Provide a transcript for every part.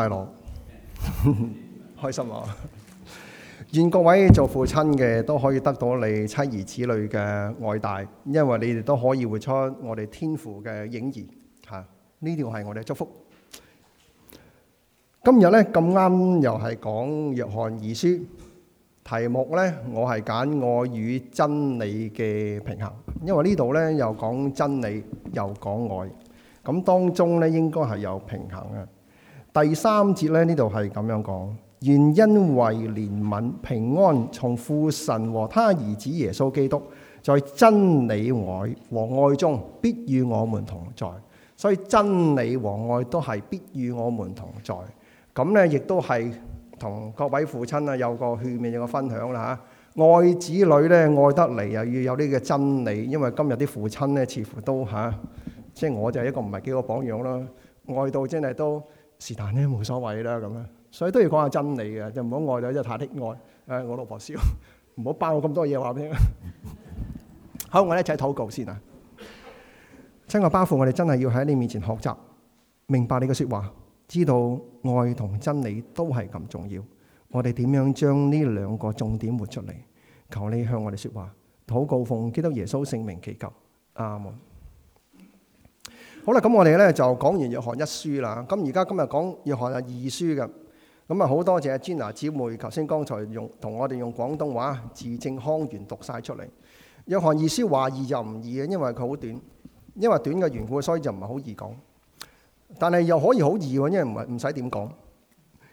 大樂， 開心啊！願各位做父親嘅都可以得到你妻兒子女嘅愛戴，因為你哋都可以活出我哋天父嘅影兒。吓、啊，呢條係我哋嘅祝福。今日呢，咁啱又係講約翰二書，題目呢我係揀愛與真理嘅平衡，因為呢度呢又講真理又講愛，咁當中呢應該係有平衡嘅！第三節咧，呢度係咁樣講，原因為憐憫平安從父神和他兒子耶穌基督在真理外和愛中必與我們同在，所以真理和愛都係必與我們同在。咁呢，亦都係同各位父親啊有個勸勉，有個分享啦，吓、啊，愛子女呢，愛得嚟又要有呢個真理，因為今日啲父親呢，似乎都吓，即、啊、係、就是、我就係一個唔係幾好榜樣啦，愛到真係都。是但咧，冇所謂啦咁樣，所以都要講下真理嘅，就唔好愛到真係太溺愛。誒，我老婆笑，唔好包我咁多嘢話俾你。 好，我哋一齊禱告先啊！親愛巴父，我哋真係要喺你面前學習，明白你嘅說話，知道愛同真理都係咁重要。我哋點樣將呢兩個重點活出嚟？求你向我哋說話，禱告奉基督耶穌聖名祈求，阿門。好啦，咁我哋咧就講完約翰一書啦。咁而家今日講約翰二書嘅咁啊，好多謝 Jenna 姐妹，頭先剛才用同我哋用廣東話字正腔圓讀晒出嚟。約翰二書話易又唔易嘅，因為佢好短，因為短嘅緣故，所以就唔係好易講。但係又可以好易嘅，因為唔係唔使點講。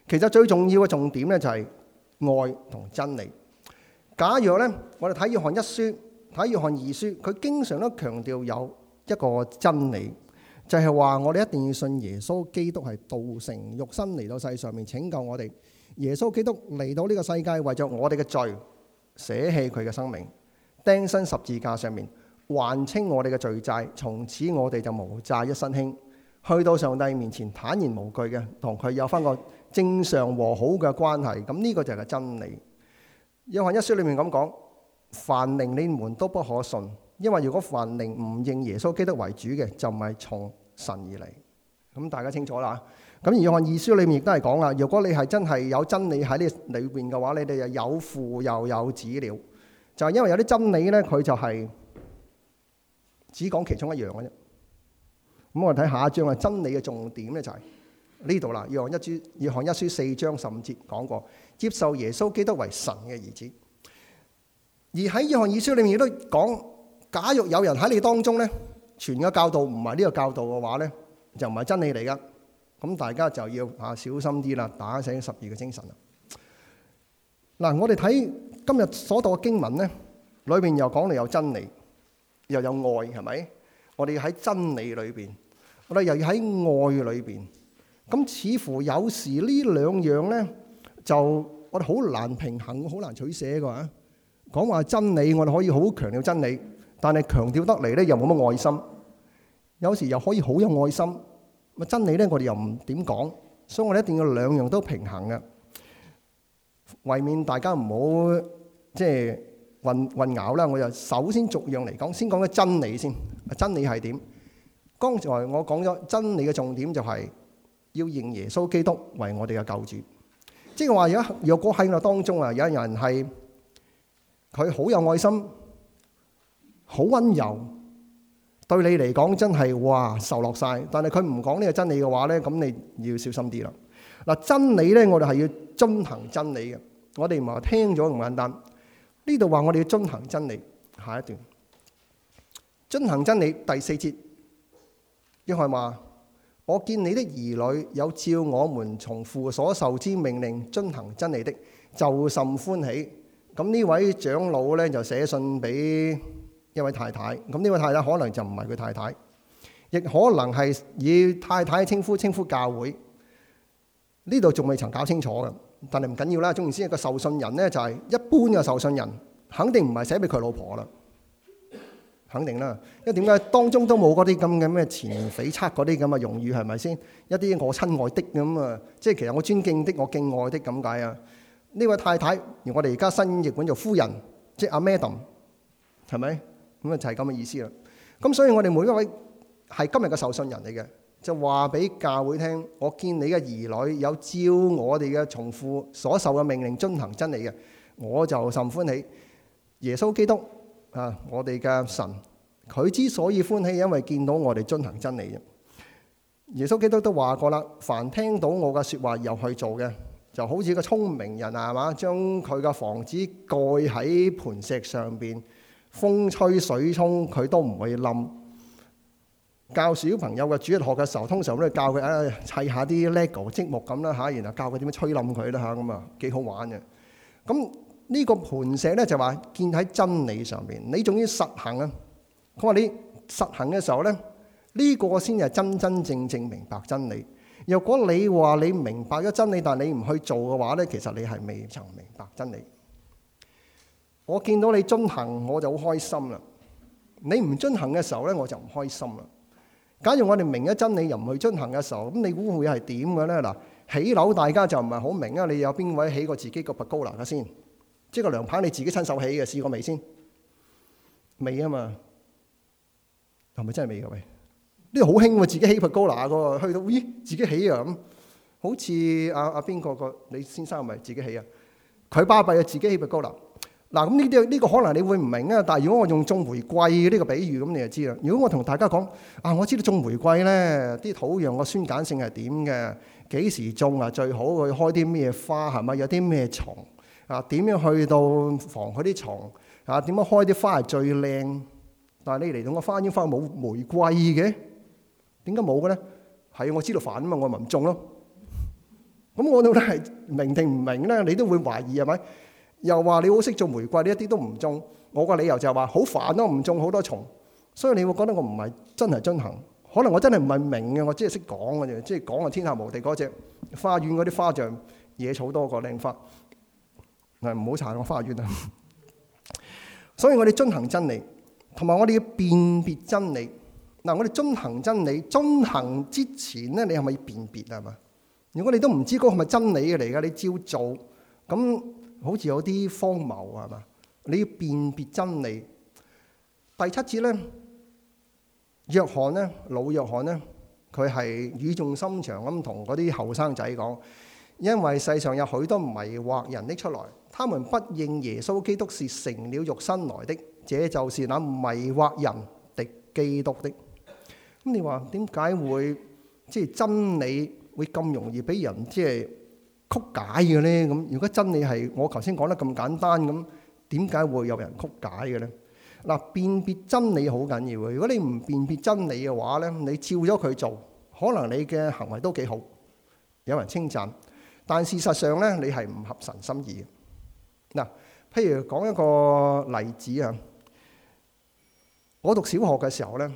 其實最重要嘅重點咧就係愛同真理。假若咧，我哋睇約翰一書，睇約翰二書，佢經常都強調有一個真理。就係話我哋一定要信耶穌基督係道成肉身嚟，到世上面拯救我哋。耶穌基督嚟到呢個世界為咗我哋嘅罪，捨棄佢嘅生命，釘身十字架上面，還清我哋嘅罪債。從此我哋就無債一身輕，去到上帝面前坦然無懼嘅，同佢有翻個正常和好嘅關係。咁、這、呢個就係個真理。約翰一書裏面咁講：凡寧你們都不可信。因為如果凡靈唔認耶穌基督為主嘅，就唔係從神而嚟。咁大家清楚啦。咁約翰二書裏面亦都係講啦，如果你係真係有真理喺呢裏邊嘅話，你哋又有父又有子了。就係、是，因為有啲真理咧，佢就係只講其中一樣嘅啫。咁我哋睇下一章啊，真理嘅重點咧就係呢度啦。約翰一書，約翰一書四章十五節講過，接受耶穌基督為神嘅兒子。而喺約翰二書裏面亦都講。假若有人喺你當中咧，傳嘅教導唔係呢個教導嘅話咧，就唔係真理嚟噶。咁大家就要啊小心啲啦，打醒十二個精神啦。嗱，我哋睇今日所讀嘅經文咧，裏邊又講到有真理，又有愛，係咪？我哋要喺真理裏邊，我哋又要喺愛裏邊。咁似乎有時呢兩樣咧，就我哋好難平衡，好難取捨嘅話，講話真理，我哋可以好強調真理。但係強調得嚟咧，又冇乜愛心。有時又可以好有愛心。啊真理咧，我哋又唔點講，所以我哋一定要兩樣都平衡嘅，為免大家唔好即係混混淆啦。我就首先逐樣嚟講，先講咗真理先。真理係點？剛才我講咗真理嘅重點就係要認耶穌基督為我哋嘅救主。即係話，如果喺我當中啊，有啲人係佢好有愛心。好溫柔，對你嚟講真係哇受落晒。但係佢唔講呢個真理嘅話呢，咁你要小心啲啦。嗱，真理呢，我哋係要遵行真理嘅。我哋唔係話聽咗咁簡單。呢度話我哋要遵行真理。下一段遵行真理第四節，約翰話：我見你的兒女有照我們從父所受之命令遵行真理的，就甚歡喜。咁呢位長老呢，就寫信俾，一位太太，咁呢位太太可能就唔係佢太太，亦可能係以太太嘅稱呼稱呼教會。呢度仲未曾搞清楚嘅，但係唔緊要啦。總言之一個受信人咧就係一般嘅受信人，肯定唔係寫俾佢老婆啦，肯定啦。因為點解當中都冇嗰啲咁嘅咩前匪測嗰啲咁嘅用語係咪先？一啲我親愛的咁啊，即係其實我尊敬的、我敬愛的咁解啊。呢位太太，而我哋而家新譯本做夫人，即係阿 Madam 係咪？咁就係咁嘅意思啦。咁所以我哋每一位係今日嘅受信人嚟嘅，就話俾教會聽：，我見你嘅兒女有照我哋嘅從父所受嘅命令遵行真理嘅，我就甚歡喜。耶穌基督啊，我哋嘅神，佢之所以歡喜，因為見到我哋遵行真理。耶穌基督都話過啦：，凡聽到我嘅說話又去做嘅，就好似個聰明人啊，係嘛，將佢嘅房子蓋喺磐石上邊。風吹水沖佢都唔會冧。教小朋友嘅主日學嘅時候，通常都係教佢啊砌下啲 lego 積木咁啦嚇，然後教佢點樣吹冧佢啦嚇，咁啊幾好玩嘅。咁、這、呢個盤石咧就話建喺真理上面。你仲要實行啊？佢話你實行嘅時候咧，呢、這個先係真真正正明白真理。若果你話你明白咗真理，但係你唔去做嘅話咧，其實你係未曾明白真理。我見到你遵行，我就好開心啦。你唔遵行嘅時候咧，我就唔開心啦。假如我哋明咗真理又唔去遵行嘅時候，咁你估會係點嘅咧？嗱，起樓大家就唔係好明啊。你有邊位起過自己個拔高樓嘅先？即個涼棚你自己親手起嘅，試過未先？未啊嘛，係咪真係未嘅喎？呢個好興喎，自己起拔高樓喎，去到咦自己起啊咁，好似阿阿邊個個李先生係咪自己起啊？佢巴閉啊，自己起拔高樓。嗱，咁呢啲呢個可能你會唔明啊？但係如果我用種玫瑰呢個比喻，咁你就知啦。如果我同大家講啊，我知道種玫瑰咧，啲土壤個酸鹼性係點嘅，幾時種啊最好？去開啲咩花係咪？有啲咩蟲啊？點樣去到防佢啲蟲啊？點樣開啲花係最靚？但係你嚟到個花園花冇玫瑰嘅，點解冇嘅咧？係我知道煩啊嘛，我咪唔種咯。咁我到底係明定唔明咧？你都會懷疑係咪？又話你好識種玫瑰，你一啲都唔種。我個理由就係話好煩咯，唔種好多蟲，所以你會覺得我唔係真係遵行。可能我真係唔係明嘅，我只係識講嘅啫，即係講就天下無敵嗰隻花園嗰啲花像野草多過靚花。嗱，唔好查我花園啦。所以我哋遵行真理，同埋我哋要辨別真理。嗱，我哋遵行真理，遵行之前咧，你係咪要辨別啊嘛？如果你都唔知嗰個係咪真理嚟㗎，你照做咁。好似有啲荒謬係嘛？你要辨別真理。第七節呢，約翰呢，老約翰呢，佢係語重心長咁同嗰啲後生仔講，因為世上有許多迷惑人的出來，他們不認耶穌基督是成了肉身來的，這就是那迷惑人敵基督的。咁你話點解會即係真理會咁容易俾人即係？曲解嘅咧咁，如果真理係我頭先講得咁簡單咁，點解會有人曲解嘅咧？嗱，辨別真理好緊要啊！如果你唔辨別真理嘅話咧，你照咗佢做，可能你嘅行為都幾好，有人稱讚，但事實上咧，你係唔合神心意嘅。嗱，譬如講一個例子啊，我讀小學嘅時候咧，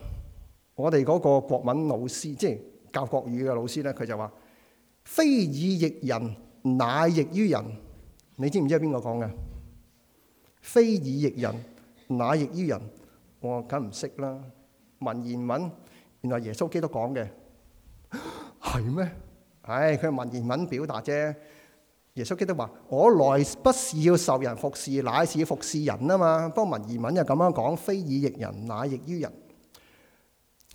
我哋嗰個國文老師，即係教國語嘅老師咧，佢就話。非以役人，乃役於人。你知唔知係邊個講嘅？非以役人，乃役於人。我梗唔識啦。文言文，原來耶穌基督講嘅係咩？唉嗎，佢係、哎、文言文表達啫。耶穌基督話：我來不是要受人服侍，乃是要服侍人啊嘛。不過文言文又咁樣講：非以役人，乃役於人。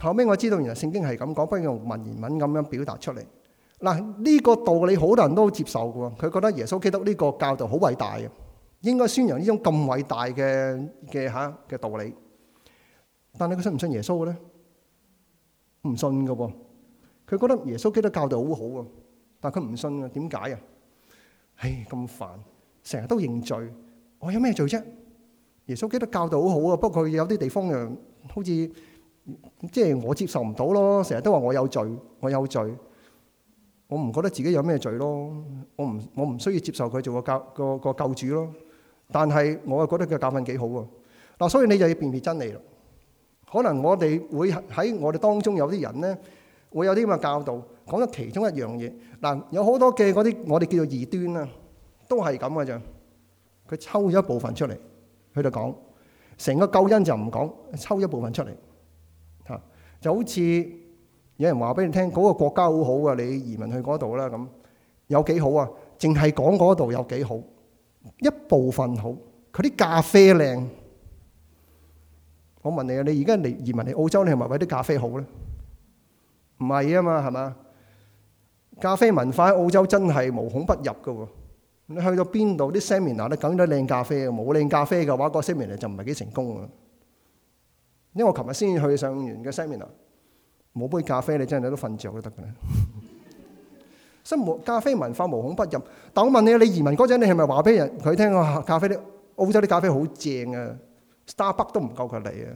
後尾我知道，原來聖經係咁講，不如用文言文咁樣表達出嚟。嗱，呢個道理好多人都接受㗎，佢覺得耶穌基督呢個教導好偉大呀，應該宣揚呢種咁偉大嘅嘅嚇嘅道理。但係佢信唔信耶穌嘅咧？唔信㗎喎，佢覺得耶穌基督教導好好啊，但佢唔信啊，點解啊？唉，咁煩，成日都認罪，我有咩罪啫？耶穌基督教導好好啊，不過佢有啲地方又好似即係我接受唔到咯，成日都話我有罪，我有罪。我唔覺得自己有咩罪咯，我唔我唔需要接受佢做個教個個救主咯，但係我又覺得佢嘅教訓幾好喎。嗱，所以你就要辨別真理咯。可能我哋會喺我哋當中有啲人咧，會有啲咁嘅教導，講咗其中一樣嘢。嗱，有好多嘅嗰啲我哋叫做異端啦，都係咁嘅咋，佢抽咗一部分出嚟，佢就講，成個救恩就唔講，抽一部分出嚟，吓就好似。有人話俾你聽，嗰個國家好好啊，你移民去嗰度啦咁，有幾好啊？淨係講嗰度有幾好，一部分好。佢啲咖啡靚，我問你啊，你而家嚟移民嚟澳洲，你係咪為啲咖啡好咧？唔係啊嘛，係嘛？咖啡文化喺澳洲真係無孔不入噶喎。你去到邊度啲 seminar 咧，梗都靚咖啡嘅，冇靚咖啡嘅話，個 seminar 就唔係幾成功啊。因為我琴日先去上完嘅 seminar。冇杯咖啡，你真係喺度瞓着都得嘅咧。生活 咖啡文化無孔不入。但我問你，你移民嗰陣，你係咪話俾人佢聽啊？咖啡啲澳洲啲咖啡好正啊，Starbucks 都唔夠佢嚟啊，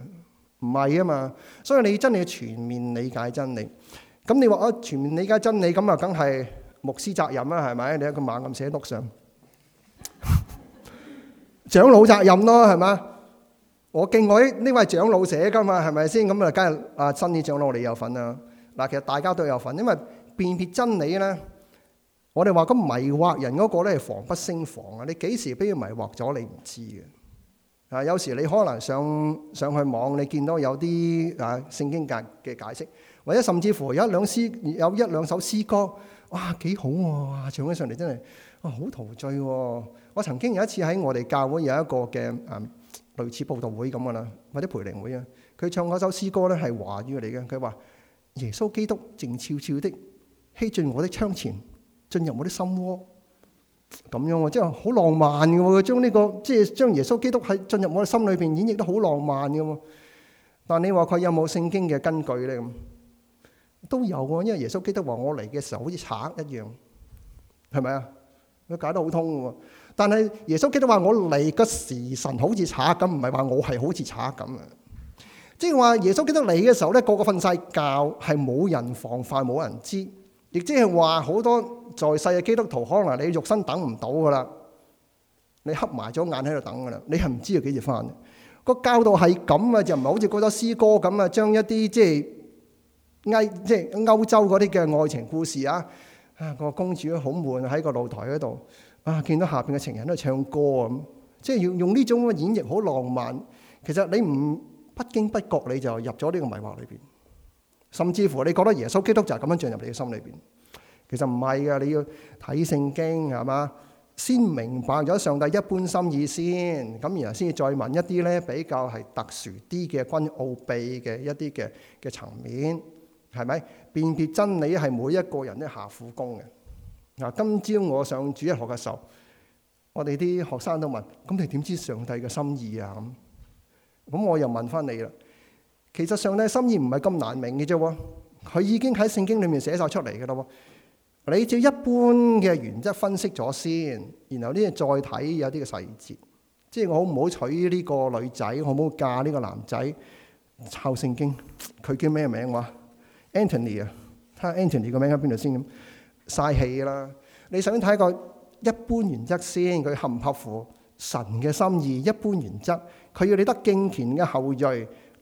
唔係啊嘛。所以你真係要全面理解真理。咁你話我、啊、全面理解真理，咁啊，梗係牧師責任啦、啊，係咪？你喺個猛噉寫喺督上， 長老責任咯、啊，係咪？我敬愛呢位長老寫噶嘛，係咪先？咁啊，梗係啊，真理長老你有份啊。嗱，其實大家都有份，因為辨別真理咧，我哋話咁迷惑人嗰個咧係防不勝防啊！你幾時俾佢迷惑咗，你唔知嘅。啊，有時你可能上上去網，你見到有啲啊聖經解嘅解釋，或者甚至乎有一兩詩，有一兩首詩歌，哇、啊，幾好喎、啊！唱起上嚟真係哇，好、啊、陶醉、啊。我曾經有一次喺我哋教會有一個嘅類似報道會咁噶啦，或者培靈會啊。佢唱嗰首詩歌咧係華語嚟嘅。佢話耶穌基督靜悄悄的希進我的窗前，進入我的心窩，咁樣喎，即係好浪漫嘅。將呢個即係將耶穌基督喺進入我嘅心裏邊演繹得好浪漫嘅。但係你話佢有冇聖經嘅根據咧？咁都有啊，因為耶穌基督話我嚟嘅時候好似賊一樣，係咪啊？佢解得好通嘅喎。但係耶穌基督話：我嚟個時辰好似賊咁，唔係話我係好似賊咁啊！即係話耶穌基督嚟嘅時候咧，個個瞓曬覺，係冇人防範，冇人知。亦即係話好多在世嘅基督徒，可能你肉身等唔到噶啦，你黑埋咗眼喺度等噶啦，你係唔知要幾時返。個教導係咁啊，就唔係好似嗰啲詩歌咁啊，將一啲即係藝即係歐洲嗰啲嘅愛情故事啊，啊個公主好悶喺個露台嗰度。啊！見到下邊嘅情人喺度唱歌咁，即係要用呢種嘅演繹好浪漫。其實你唔不，不經不覺你就入咗呢個迷惑裏邊，甚至乎你覺得耶穌基督就係咁樣進入你嘅心裏邊。其實唔係㗎，你要睇聖經係嘛，先明白咗上帝一般心意先。咁然後先至再問一啲咧比較係特殊啲嘅關於奧秘嘅一啲嘅嘅層面係咪？辨別真理係每一個人都下苦功嘅。嗱，今朝我上主日學嘅時候，我哋啲學生都問：咁你點知上帝嘅心意啊？咁，咁我又問翻你啦。其實上帝心意唔係咁難明嘅啫，佢已經喺聖經裏面寫晒出嚟嘅喎。你照一般嘅原則分析咗先，然後呢再睇有啲嘅細節，即係我好唔好娶呢個女仔，好唔好嫁呢個男仔？抄聖經，佢叫咩名話？Anthony 啊睇下 Anthony 個名喺邊度先咁？嘥氣啦！你首先睇個一般原則先，佢合唔合乎神嘅心意？一般原則，佢要你得敬虔嘅後裔，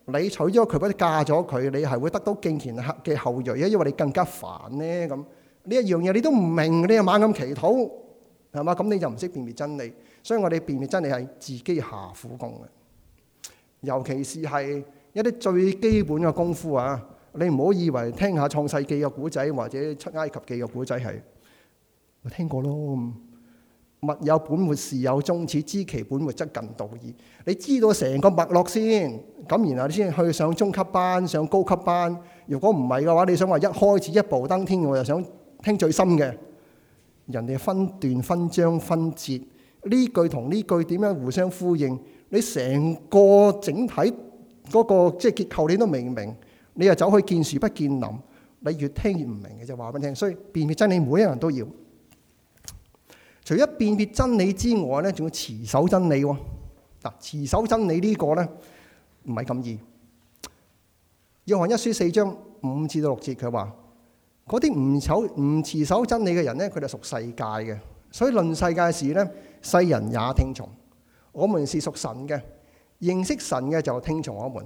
你娶咗佢或者嫁咗佢，你係會得到敬虔嘅後裔啊！因為你更加煩呢。咁，呢一樣嘢你都唔明，你又猛咁祈禱係嘛？咁你就唔識辨別真理，所以我哋辨別真理係自己下苦功嘅，尤其是係一啲最基本嘅功夫啊！你唔好以為聽下《創世記》嘅古仔或者《出埃及記》嘅古仔係我聽過咯。物有本末，事有終始，知其本末，則近道矣。你知道成個脈絡先，咁然後你先去上中級班、上高級班。如果唔係嘅話，你想話一開始一步登天，我又想聽最深嘅。人哋分段、分章、分節呢句同呢句點樣互相呼應？你成個整體嗰個即係結構，你都明唔明？你又走去見樹不見林，你越聽越唔明嘅就話畀你聽，所以辨別真理，每一個人都要。除咗辨別真理之外咧，仲要持守真理。嗱，持守真理這個呢個咧唔係咁易。約翰一書四章五至到六節，佢話嗰啲唔守、唔持守真理嘅人咧，佢哋係屬世界嘅。所以論世界事咧，世人也聽從。我們是屬神嘅，認識神嘅就聽從我們。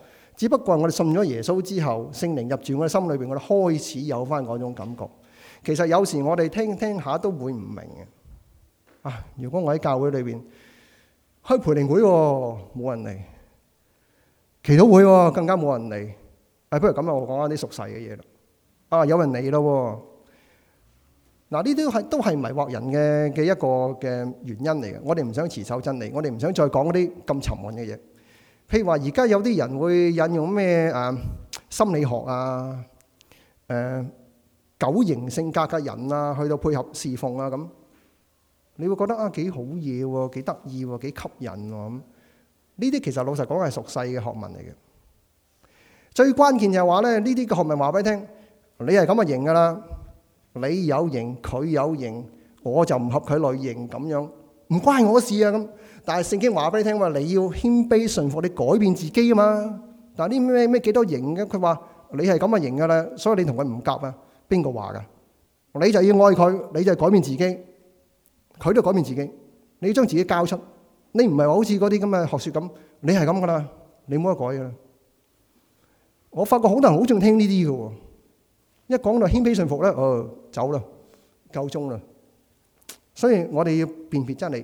只不過我哋信咗耶穌之後，聖靈入住我哋心裏邊，我哋開始有翻嗰種感覺。其實有時我哋聽聽下都會唔明嘅。啊，如果我喺教會裏邊開培靈會、啊，冇人嚟；祈禱會、啊，更加冇人嚟。誒、啊，不如咁啊，我講下啲熟悉嘅嘢啦。啊，有人嚟咯、啊。嗱、啊，呢啲係都係迷惑人嘅嘅一個嘅原因嚟嘅。我哋唔想持守真理，我哋唔想再講嗰啲咁沉悶嘅嘢。譬如話，而家有啲人會引用咩誒心理學啊、誒九型性格嘅人啊，去到配合侍奉啊咁，你會覺得啊幾好嘢喎，幾得意喎，幾吸引喎咁。呢啲其實老實講係俗世嘅學問嚟嘅。最關鍵就係話咧，呢啲嘅學問話俾你聽，你係咁啊型噶啦，你有型，佢有型，我就唔合佢類型咁樣，唔關我事啊咁。但係聖經話俾你聽話，你要謙卑順服，你改變自己啊嘛。但係啲咩咩幾多型嘅佢話你係咁嘅型噶啦，所以你同佢唔夾啊。邊個話噶？你就要愛佢，你就改變自己。佢都改變自己。你將自己交出，你唔係話好似嗰啲咁嘅學說咁，你係咁噶啦，你冇得改噶啦。我發覺好多人好中聽呢啲噶，一講到謙卑順服咧，哦走啦，夠鐘啦。所以我哋要辨別真理。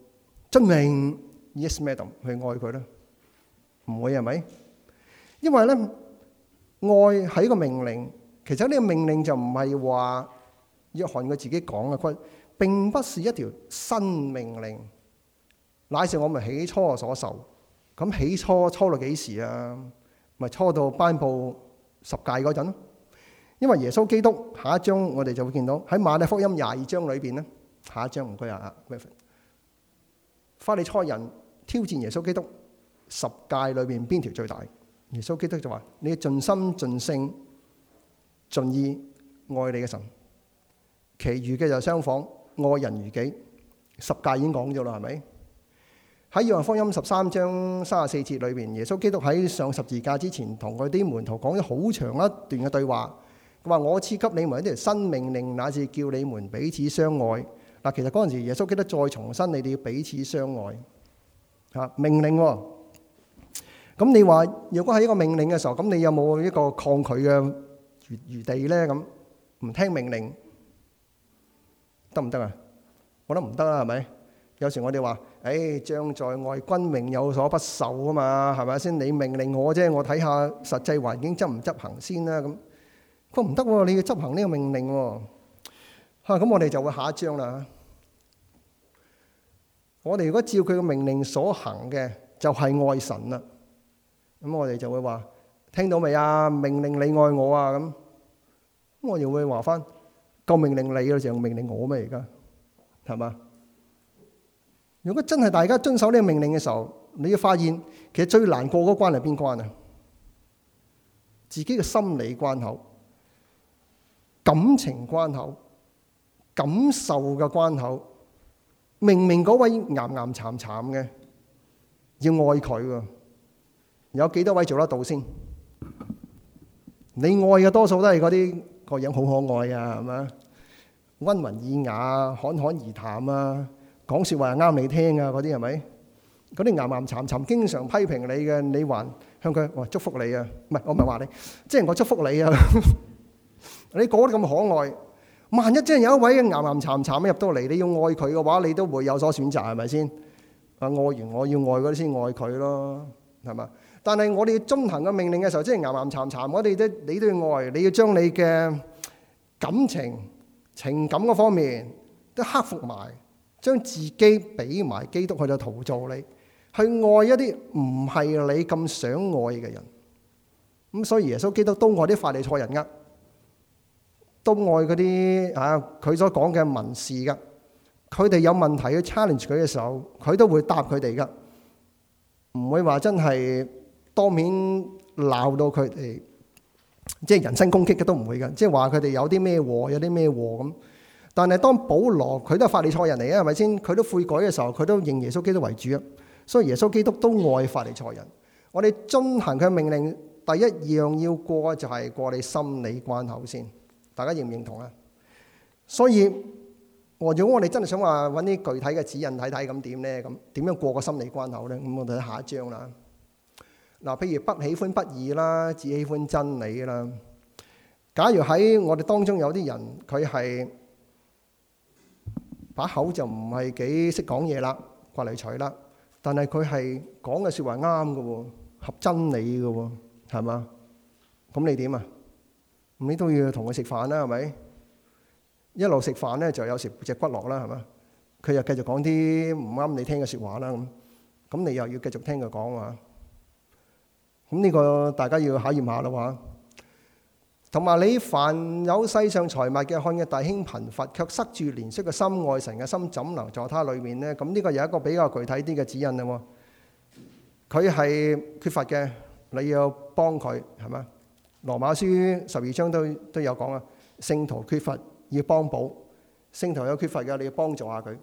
遵命，Yes，Madam，去愛佢啦，唔會，係咪？因為咧，愛係一個命令。其實呢個命令就唔係話約翰佢自己講嘅句，並不是一條新命令，乃是我們起初所受。咁起初初到幾時啊？咪初到頒布十誡嗰陣咯。因為耶穌基督下一章我哋就會見到喺馬太福音廿二章裏邊咧，下一章唔該啊，Griffin。法利賽人挑戰耶穌基督十戒裏面邊條最大？耶穌基督就話：你盡心盡性盡意愛你嘅神，其餘嘅就相仿愛人如己。十戒已經講咗啦，係咪？喺《約翰福音》十三章三十四節裏面，耶穌基督喺上十字架之前，同佢啲門徒講咗好長一段嘅對話。佢話：我賜給你們一條新命令，乃至叫你們彼此相愛。嗱，其實嗰陣時，耶穌記得再重申，你哋要彼此相愛，嚇、啊、命令喎、哦。咁你話，如果喺一個命令嘅時候，咁你有冇一個抗拒嘅餘餘地咧？咁唔聽命令得唔得啊？我諗唔得啦，係咪？有時我哋話，誒、哎、將在外，君命有所不受啊嘛，係咪先？你命令我啫，我睇下實際環境執唔執行先啦、啊。咁佢唔得喎，你要執行呢個命令喎、哦。咁我哋就會下一章啦。我哋如果照佢嘅命令所行嘅，就係愛神啦。咁我哋就會話，聽到未啊？命令你愛我啊咁。咁我哋會話翻，夠命令你嘅時候，命令我咩？而家係嘛？如果真係大家遵守呢個命令嘅時候，你要發現其實最難過嗰關係邊關啊？自己嘅心理關口、感情關口。感受嘅關口，明明嗰位岩岩慘慘嘅，要愛佢喎，有幾多位做得到先？你愛嘅多數都係嗰啲個樣好可愛啊，係咪？溫文爾雅、侃侃而談啊，講說話係啱你聽啊，嗰啲係咪？嗰啲岩岩慘慘，經常批評你嘅，你還向佢哇祝福你啊？唔係，我唔係話你，即係我祝福你啊！你講得咁可愛。萬一真係有一位嘅岩岩潺潺咁入到嚟，你要愛佢嘅話，你都會有所選擇，係咪先？啊，愛完我要愛嗰啲先愛佢咯，係嘛？但係我哋要遵行嘅命令嘅時候，真係岩岩潺潺。我哋都，你都要愛，你要將你嘅感情、情感嗰方面都克服埋，將自己俾埋基督去就陶造你，去愛一啲唔係你咁想愛嘅人。咁所以耶穌基督都愛啲法利賽人啊！都愛嗰啲啊！佢所講嘅民事噶，佢哋有問題去 challenge 佢嘅時候，佢都會答佢哋噶，唔會話真係當面鬧到佢哋，即係人身攻擊嘅都唔會噶，即係話佢哋有啲咩禍，有啲咩禍咁。但係當保羅佢都係法利賽人嚟啊，係咪先？佢都悔改嘅時候，佢都認耶穌基督為主啊。所以耶穌基督都愛法利賽人。我哋遵行佢命令，第一樣要過就係過你心理關口先。大家認唔認同啊？所以，如果我哋真係想話揾啲具體嘅指引睇睇，咁點咧？咁點樣過個心理關口咧？咁我哋喺下一章啦。嗱，譬如不喜歡不義啦，只喜歡真理啦。假如喺我哋當中有啲人，佢係把口就唔係幾識講嘢啦，刮利彩啦，但係佢係講嘅説話啱嘅喎，合真理嘅喎，係嘛？咁你點啊？你都要同佢食飯啦，係咪？一路食飯咧，就有時只骨落啦，係嘛？佢又繼續講啲唔啱你聽嘅說話啦，咁，咁你又要繼續聽佢講話。咁呢個大家要考驗下啦，吓。同埋你凡有世上財物嘅，看嘅弟兄貧乏，卻塞住憐恤嘅心，愛神嘅心，怎能在他裏面呢？咁呢個有一個比較具體啲嘅指引啦。佢係缺乏嘅，你要幫佢，係嘛？羅馬書十二章都都有講啊，聖徒缺乏要幫補，聖徒有缺乏嘅你要幫助下佢。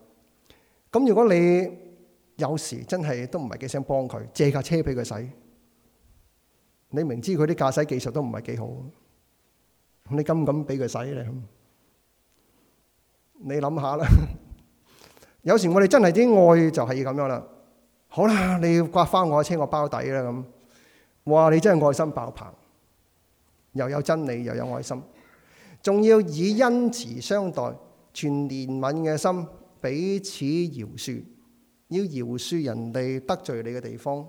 咁如果你有時真係都唔係幾想幫佢，借架車俾佢使，你明知佢啲駕駛技術都唔係幾好，你敢唔敢俾佢使咧？你諗下啦， 有時我哋真係啲愛就係要咁樣啦。好啦，你要刮翻我嘅車，我包底啦咁，哇，你真係愛心爆棚！又有真理，又有愛心，仲要以恩慈相待，全憐憫嘅心彼此饒恕，要饒恕人哋得罪你嘅地方，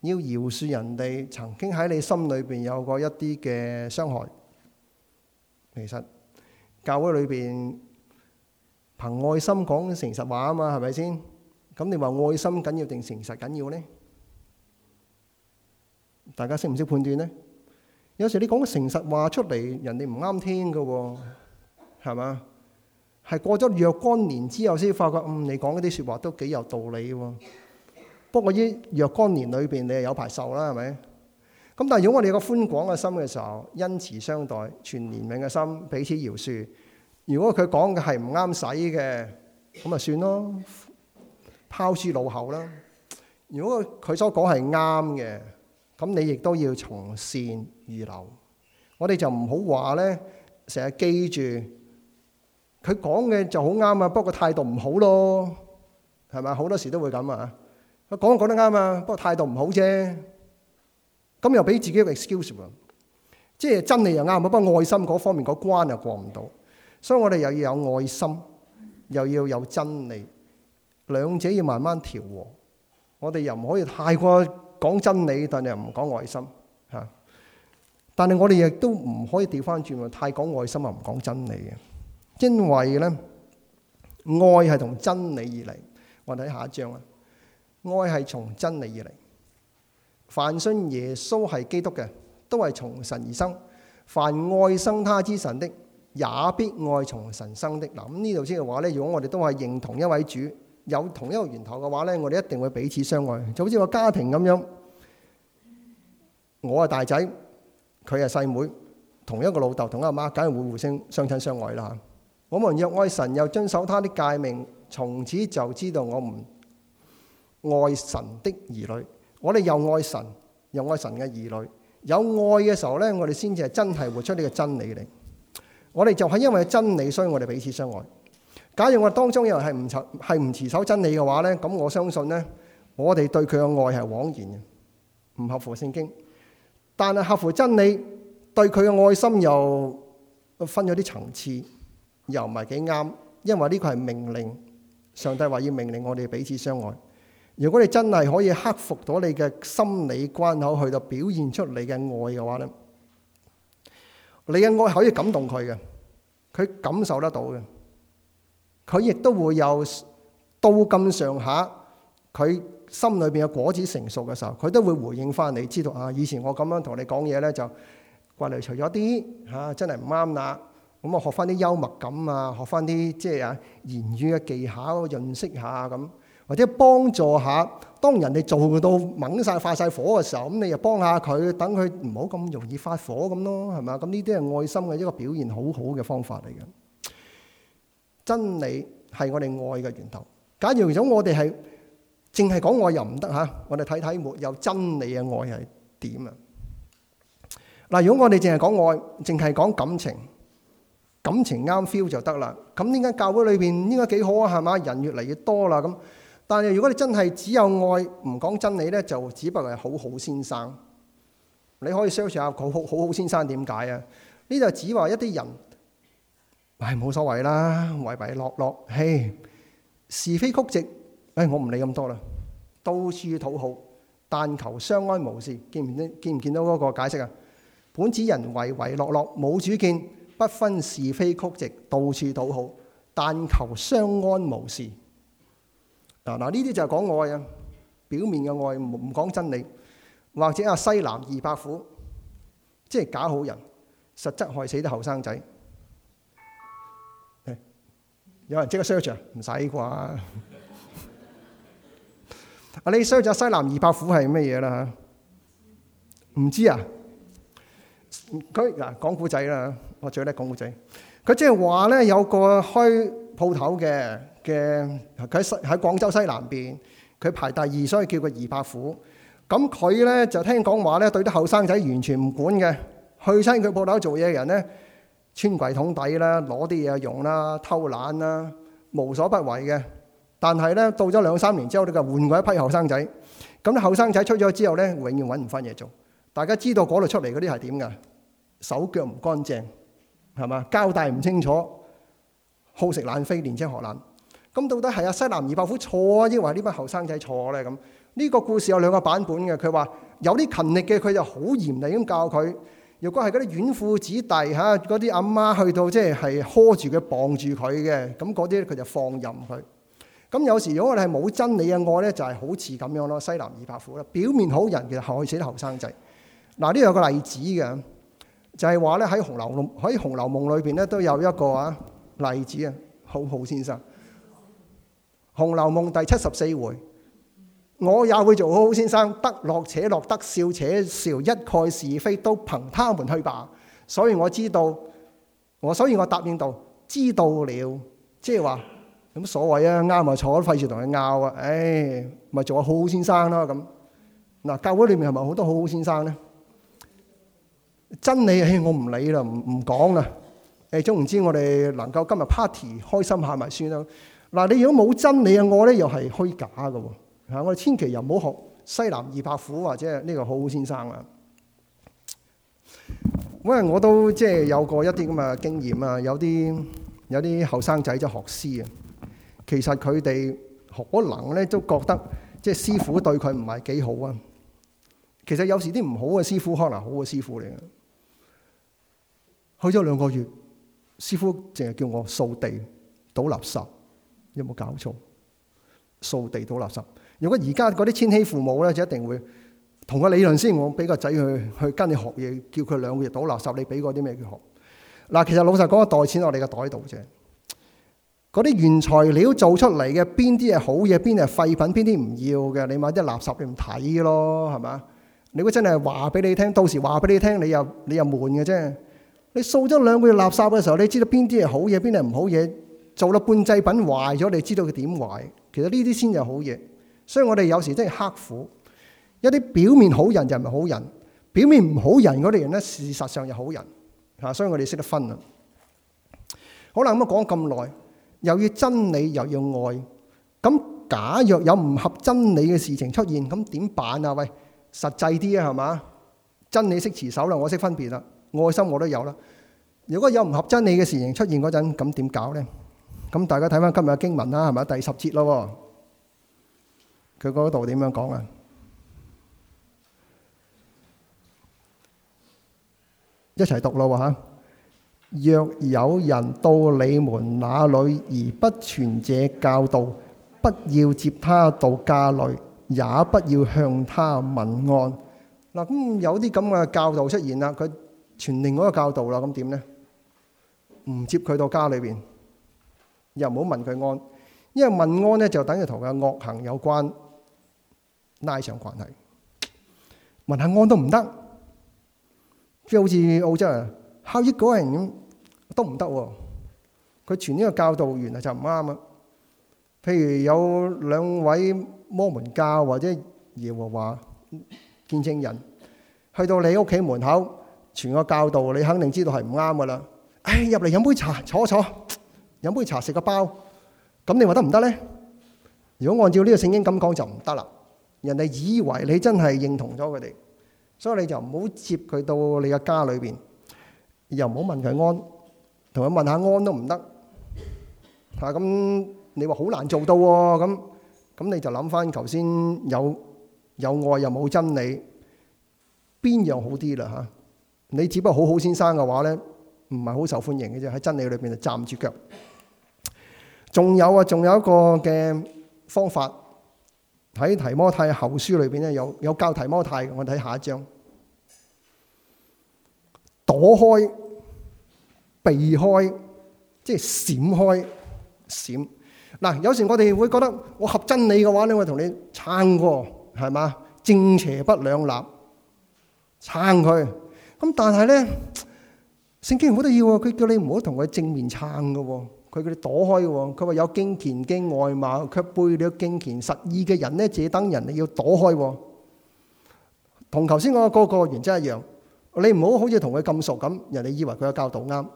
要饒恕人哋曾經喺你心裏邊有過一啲嘅傷害。其實教會裏邊憑愛心講誠實話啊嘛，係咪先？咁你話愛心緊要定誠實緊要呢？大家識唔識判斷呢？有時你講個誠實話出嚟，人哋唔啱聽噶，係嘛？係過咗若干年之後先發覺，嗯，你講嗰啲說話都幾有道理喎。不過呢若干年裏邊，你係有排受啦，係咪？咁但係如果我哋個寬廣嘅心嘅時候，恩慈相待、全憐憫嘅心，彼此饒恕。如果佢講嘅係唔啱使嘅，咁咪算咯，拋諸腦後啦。如果佢所講係啱嘅，咁你亦都要從善如流，我哋就唔好話咧，成日記住佢講嘅就好啱啊，不過態度唔好咯，係咪啊？好多時都會咁啊，佢講講得啱啊，不過態度唔好啫。咁又俾自己一個 excuse 喎，即係真理又啱，不過愛心嗰方面嗰關又過唔到，所以我哋又要有愛心，又要有真理，兩者要慢慢調和，我哋又唔可以太過，講真理，但係又唔講愛心，吓。但係我哋亦都唔可以調翻轉，太講愛心又唔講真理嘅，因為咧，愛係同真理而嚟。我睇下一章啊，愛係從真理而嚟。凡信耶穌係基督嘅，都係從神而生；凡愛生他之神的，也必愛從神生的。嗱，咁呢度先嘅話咧，如果我哋都係認同一位主。有同一個源頭嘅話咧，我哋一定會彼此相愛，就好似個家庭咁樣。我係大仔，佢係細妹，同一個老豆，同阿媽，梗係會互相相親相愛啦。我們若愛神，又遵守祂的誡命，從此就知道我們愛神的兒女。我哋又愛神，又愛神嘅兒女。有愛嘅時候咧，我哋先至係真係活出呢個真理嚟。我哋就係因為真理，所以我哋彼此相愛。假如我哋當中有人係唔持係唔持守真理嘅話咧，咁我相信咧，我哋對佢嘅愛係枉然嘅，唔合乎聖經。但係合乎真理，對佢嘅愛心又分咗啲層次，又唔係幾啱。因為呢個係命令，上帝話要命令我哋彼此相愛。如果你真係可以克服到你嘅心理關口，去到表現出你嘅愛嘅話咧，你嘅愛可以感動佢嘅，佢感受得到嘅。佢亦都會有到咁上下，佢心裏邊嘅果子成熟嘅時候，佢都會回應翻你，知道啊！以前我咁樣同你講嘢咧，就過嚟除咗啲嚇，真係唔啱啦。咁、嗯、我學翻啲幽默感啊，學翻啲即係啊言語嘅技巧，認識下咁，或者幫助下，當人哋做到猛晒、發晒火嘅時候，咁、嗯、你又幫下佢，等佢唔好咁容易發火咁咯，係咪？咁呢啲係愛心嘅一個表現，好好嘅方法嚟嘅。真理係我哋愛嘅源頭。假如如果我哋係淨係講愛又唔得嚇，我哋睇睇沒有真理嘅愛係點啊？嗱，如果我哋淨係講愛，淨係講感情，感情啱 feel 就得啦。咁呢間教會裏邊應該幾好啊？係嘛，人越嚟越多啦咁。但係如果你真係只有愛唔講真理咧，就只不過係好好先生。你可以 search 下好好好好先生點解啊？呢度只話一啲人。係冇所謂啦，唯唯諾諾，嘿、hey，是非曲直，哎，我唔理咁多啦，到處討好，但求相安無事，見唔見見唔見到嗰個解釋啊？本指人唯唯諾諾，冇主見，不分是非曲直，到處討好，但求相安無事。嗱、啊、嗱，呢、啊、啲就係講愛啊，表面嘅愛不，唔唔講真理，或者阿西南二伯虎，即係假好人，實質害死啲後生仔。有人即刻 search 啊，唔使啩？阿 你 search 西南二伯父係咩嘢啦？唔知啊？佢啊講古仔啦，我最叻講古仔。佢即係話咧，有個開鋪頭嘅嘅，佢喺喺廣州西南邊，佢排第二，所以叫佢二伯父。咁佢咧就聽講話咧，對啲後生仔完全唔管嘅，去親佢鋪頭做嘢嘅人咧。穿櫃桶底啦，攞啲嘢用啦，偷懶啦，無所不為嘅。但係咧，到咗兩三年之後，你就換過一批後生仔。咁啲後生仔出咗之後咧，永遠揾唔翻嘢做。大家知道嗰度出嚟嗰啲係點㗎？手腳唔乾淨係嘛？交代唔清楚，好食懶飛，年青河懶。咁到底係阿西南二伯父錯啊？定話呢班後生仔錯咧？咁、這、呢個故事有兩個版本嘅。佢話有啲勤力嘅，佢就好嚴厲咁教佢。若果係嗰啲遠親子弟嚇，嗰啲阿媽去到即係係呵住佢綁住佢嘅，咁嗰啲佢就放任佢。咁有時候如果咧係冇真理嘅愛咧，就係、是、好似咁樣咯，西南二伯父啦，表面好人其實害死啲後生仔。嗱，呢度有個例子嘅，就係話咧喺《紅樓夢》喺《紅樓夢》裏邊咧都有一個啊例子啊，好好先生，《紅樓夢》第七十四回。我也會做好好先生，得樂且樂，得笑且笑，一概是非都憑他們去吧。所以我知道，我所以我答應到，知道了。即係話，有乜所謂啊？啱咪坐，費事同佢拗啊！唉、哎，咪做個好好先生啦、啊。咁嗱，教會裏面係咪好多好好先生咧？真理我唔理啦，唔唔講啦。誒，總唔知我哋能夠今日 party 開心下咪算啦。嗱，你如果冇真理啊，我咧又係虛假噶。嚇！我哋千祈又唔好學西南二伯虎或者呢個好好先生啦。因為我都即係有過一啲咁嘅經驗啊，有啲有啲後生仔即係學師啊。其實佢哋可能咧都覺得即係師傅對佢唔係幾好啊。其實有時啲唔好嘅師傅可能好嘅師傅嚟嘅。去咗兩個月，師傅淨係叫我掃地、倒垃圾，有冇搞錯？掃地倒垃圾。如果而家嗰啲千禧父母咧，就一定會同個理論先，我俾個仔去去跟你學嘢，叫佢兩個月倒垃圾，你俾個啲咩佢學？嗱，其實老實講，帶錢我的袋錢落你嘅袋度啫。嗰啲原材料做出嚟嘅，邊啲係好嘢，邊啲係廢品，邊啲唔要嘅？你買啲垃圾你唔睇咯，係咪？你如果真係話俾你聽到時話俾你聽，你又你又悶嘅啫。你掃咗兩個月垃圾嘅時候，你知道邊啲係好嘢，邊啲係唔好嘢？做咗半製品壞咗，你知道佢點壞？其實呢啲先係好嘢。所以我哋有時真係刻苦，一啲表面好人就唔係好人，表面唔好人嗰啲人呢，事實上係好人吓，所以我哋識得分啊。好啦，咁啊講咁耐，又要真理又要愛，咁假若有唔合真理嘅事情出現，咁點辦啊？喂，實際啲啊，係嘛？真理識持守啦，我識分別啦，愛心我都有啦。如果有唔合真理嘅事情出現嗰陣，咁點搞呢？咁大家睇翻今日嘅經文啦，係咪？第十節咯。佢嗰度點樣講啊？一齊讀咯嚇。若有人到你們那裡而不傳這教導，不要接他到家裏，也不要向他問安。嗱，咁有啲咁嘅教導出現啦，佢傳另外一個教導啦，咁點咧？唔接佢到家裏邊，又唔好問佢安，因為問安咧就等於同佢嘅惡行有關。拉上關係，問下安都唔得，即係好似澳洲人、哈伊果人咁都唔得喎。佢傳呢個教導原來就唔啱啊。譬如有兩位摩門教或者耶和華見證人去到你屋企門口傳個教導，你肯定知道係唔啱噶啦。唉，入嚟飲杯茶，坐坐，飲杯茶食個包，咁你話得唔得咧？如果按照呢個聖經咁講，就唔得啦。人哋以為你真係認同咗佢哋，所以你就唔好接佢到你嘅家裏邊，又唔好問佢安，同佢問下安都唔得。嚇，咁你話好難做到喎，咁咁你就諗翻頭先有有愛又冇真理，邊樣好啲啦嚇？你只不過好好先生嘅話咧，唔係好受歡迎嘅啫，喺真理裏邊就站唔住腳。仲有啊，仲有一個嘅方法。喺提摩太後書裏邊咧有有教提摩太，我睇下一章，躲開、避開，即係閃開、閃。嗱、啊，有時我哋會覺得我合真理嘅話咧，我同你撐過，係嘛？正邪不兩立，撐佢。咁但係咧，聖經好得意喎，佢叫你唔好同佢正面撐噶。佢佢哋躲開嘅，佢話有敬虔嘅外貌，卻背了敬虔實意嘅人咧，這等人你要躲開。同頭先嗰個原則一樣，你唔好好似同佢咁熟咁，人哋以為佢嘅教導啱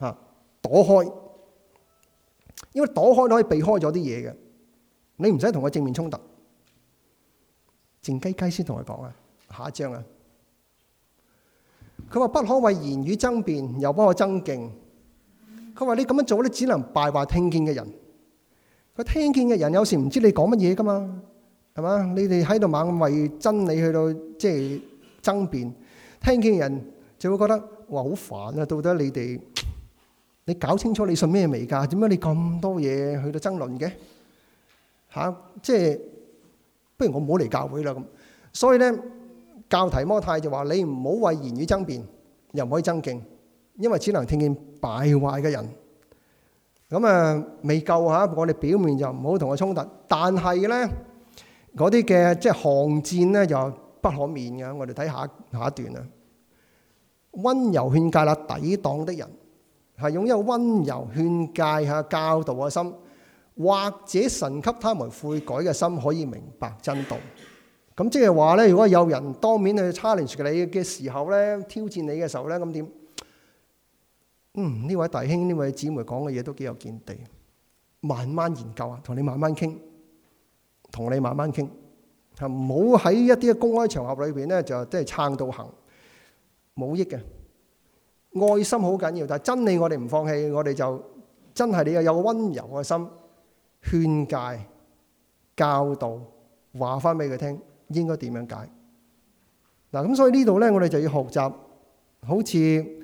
吓，躲開，因為躲開都可以避開咗啲嘢嘅，你唔使同佢正面衝突，靜雞雞先同佢講啊，下一章啊。佢話不可為言語爭辯，又不可爭競。佢話你咁樣做咧，你只能敗壞聽見嘅人。佢聽見嘅人有時唔知你講乜嘢噶嘛，係嘛？你哋喺度猛為真理去到即係爭辯，聽見嘅人就會覺得哇好煩啊！到底你哋你搞清楚你信咩未噶？點解你咁多嘢去到爭論嘅？吓，即係不如我唔好嚟教會啦咁。所以咧，教提摩太就話你唔好為言語爭辯，又唔可以增勁。因為只能聽見敗壞嘅人，咁啊未夠吓、啊，我哋表面就唔好同佢衝突，但係咧嗰啲嘅即係巷戰咧就不可免嘅。我哋睇下下一段啦，溫柔勸誡啦，抵擋的人係用一個溫柔勸誡下教導嘅心，或者神給他們悔改嘅心，可以明白真道。咁即係話咧，如果有人當面去 challenge 你嘅時候咧，挑戰你嘅時候咧，咁點？嗯，呢位弟兄、呢位姊妹講嘅嘢，都幾有見地的，慢慢研究啊，同你慢慢傾，同你慢慢傾，係唔好喺一啲嘅公開場合裏邊咧，就即、是、係撐到行，冇益嘅。愛心好緊要，但係真理我哋唔放棄，我哋就真係你要有温柔嘅心，勸誡、教導，話翻俾佢聽應該點樣解。嗱，咁所以這裏呢度咧，我哋就要學習，好似。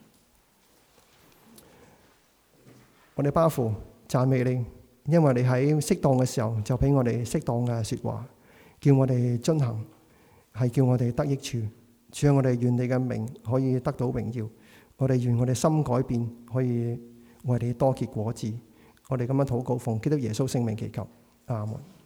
我哋巴父讚美你，因為你喺適當嘅時候就俾我哋適當嘅說話，叫我哋遵行，係叫我哋得益處，使我哋願你嘅名可以得到榮耀，我哋願我哋心改變，可以為你多結果子。我哋咁樣禱告奉基督耶穌聖名祈求，阿門。